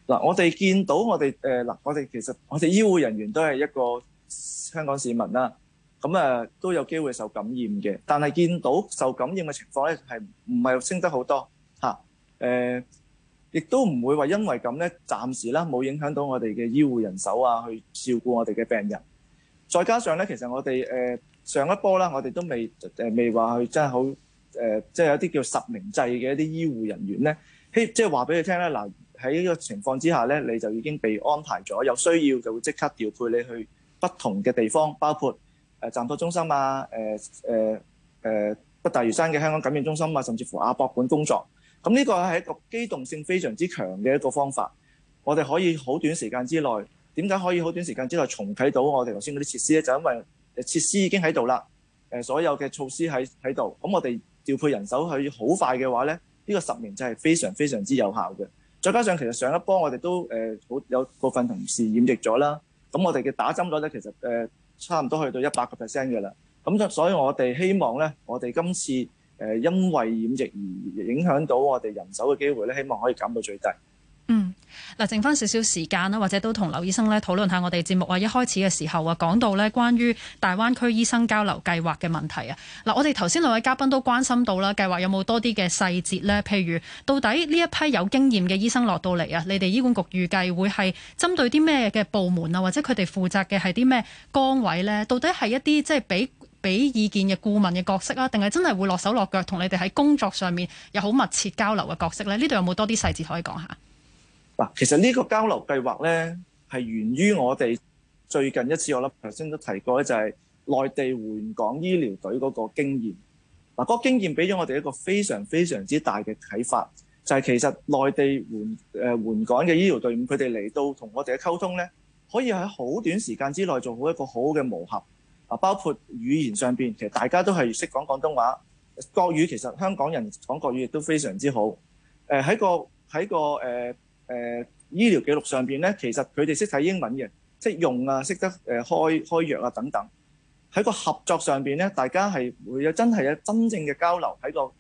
嗱，我哋見到我哋誒嗱，我哋其實我哋醫護人員都係一個香港市民啦，咁啊都有機會受感染嘅。但係見到受感染嘅情況咧，係唔係升得好多嚇？亦、啊呃、都唔會話因為咁咧，暫時啦冇影響到我哋嘅醫護人手啊，去照顧我哋嘅病人。再加上咧，其實我哋誒、呃、上一波啦，我哋都未誒未話去真係好誒，即、呃、係、就是、有啲叫實名制嘅一啲醫護人員咧，希即係話俾你聽咧嗱。就是喺呢個情況之下咧，你就已經被安排咗，有需要就會即刻調配你去不同嘅地方，包括誒、呃、暫託中心啊、誒、呃呃、北大嶼山嘅香港感染中心啊，甚至乎亞博館工作。咁、嗯、呢、這個係一個機動性非常之強嘅一個方法。我哋可以好短時間之內，點解可以好短時間之內重啟到我哋頭先嗰啲設施咧？就因為設施已經喺度啦，誒、呃、所有嘅措施喺喺度。咁、嗯、我哋調配人手去好快嘅話咧，呢、這個十年就係非常非常之有效嘅。再加上其實上一波我哋都誒、呃、好有部分同事染疫咗啦，咁我哋嘅打針率咧，其實誒、呃、差唔多去到一百個 percent 嘅啦。咁就所以我哋希望咧，我哋今次誒、呃、因為染疫而影響到我哋人手嘅機會咧，希望可以減到最低。嗯嗱，剩翻少少時間啦，或者都同劉醫生呢討論下我哋節目啊。一開始嘅時候啊，講到呢關於大灣區醫生交流計劃嘅問題啊。嗱，我哋頭先兩位嘉賓都關心到啦，計劃有冇多啲嘅細節呢？譬如到底呢一批有經驗嘅醫生落到嚟啊，你哋醫管局預計會係針對啲咩嘅部門啊，或者佢哋負責嘅係啲咩崗位呢？到底係一啲即係俾俾意見嘅顧問嘅角色啊，定係真係會落手落腳同你哋喺工作上面有好密切交流嘅角色呢？呢度有冇多啲細節可以講下？嗱，其實呢個交流計劃呢，係源於我哋最近一次，我諗頭先都提過咧，就係內地援港醫療隊嗰個經驗。嗱，嗰個經驗俾咗我哋一個非常非常之大嘅啟發，就係、是、其實內地援誒、呃、援港嘅醫療隊伍，佢哋嚟到同我哋嘅溝通呢，可以喺好短時間之內做好一個好好嘅磨合。嗱，包括語言上邊，其實大家都係識講廣東話，國語其實香港人講國語亦都非常之好。喺、呃、個喺個誒。呃誒、呃、醫療記錄上邊咧，其實佢哋識睇英文嘅，識用啊，識得誒開開藥啊等等。喺個合作上邊咧，大家係會有真係有真正嘅交流喺個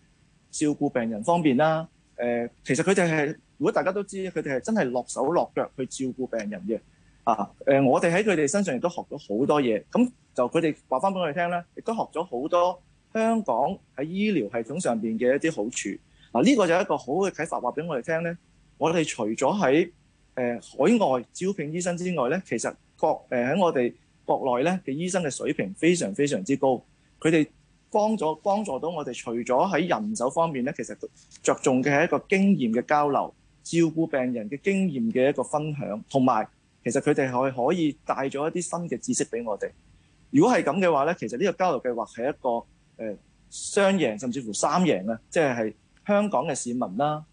照顧病人方面啦。誒、呃，其實佢哋係如果大家都知道，佢哋係真係落手落腳去照顧病人嘅。啊，誒、呃、我哋喺佢哋身上亦都學咗好多嘢。咁就佢哋話翻俾我哋聽咧，亦都學咗好多香港喺醫療系統上邊嘅一啲好處。嗱、啊、呢、呢個就係一個好嘅啟發話俾我哋聽咧。我哋除咗喺誒海外招聘醫生之外咧，其實國誒喺我哋國內咧嘅醫生嘅水平非常非常之高，佢哋幫咗幫助到我哋。除咗喺人手方面咧，其實着重嘅係一個經驗嘅交流、照顧病人嘅經驗嘅一個分享，同埋其實佢哋係可以帶咗一啲新嘅知識俾我哋。如果係咁嘅話咧，其實呢個交流計劃係一個誒、呃、雙贏，甚至乎三贏啊！即係係香港嘅市民啦。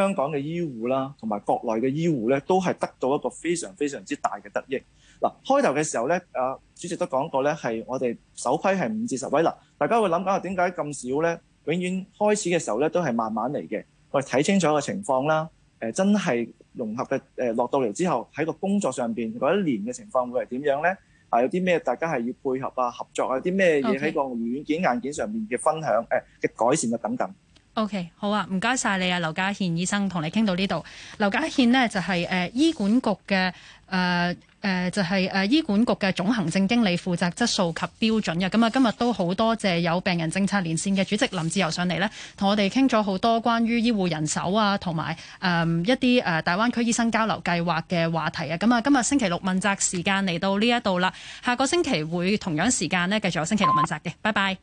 香港嘅醫護啦，同埋國內嘅醫護咧，都係得到一個非常非常之大嘅得益。嗱、啊，開頭嘅時候咧，啊主席都講過咧，係我哋首批係五至十位。嗱，大家會諗緊啊，點解咁少咧？永遠開始嘅時候咧，都係慢慢嚟嘅。我哋睇清楚個情況啦。誒、呃，真係融合嘅誒、呃，落到嚟之後，喺個工作上邊嗰一年嘅情況會係點樣咧？啊，有啲咩大家係要配合啊、合作啊，啲咩嘢喺個軟件、硬件上面嘅分享、誒、呃、嘅改善啊等等。OK，好啊，唔該晒你啊，劉家獻醫生，同你傾到呢度。劉家獻呢，就係、是、誒、呃、醫管局嘅誒誒就係、是、誒、呃、醫管局嘅總行政經理，負責質素及標準啊。咁啊，今日都好多謝有病人政策連線嘅主席林志釉上嚟呢，同我哋傾咗好多關於醫護人手啊，同埋誒一啲誒、呃、大灣區醫生交流計劃嘅話題啊。咁啊，今日星期六問責時間嚟到呢一度啦，下個星期會同樣時間呢，繼續有星期六問責嘅，拜拜。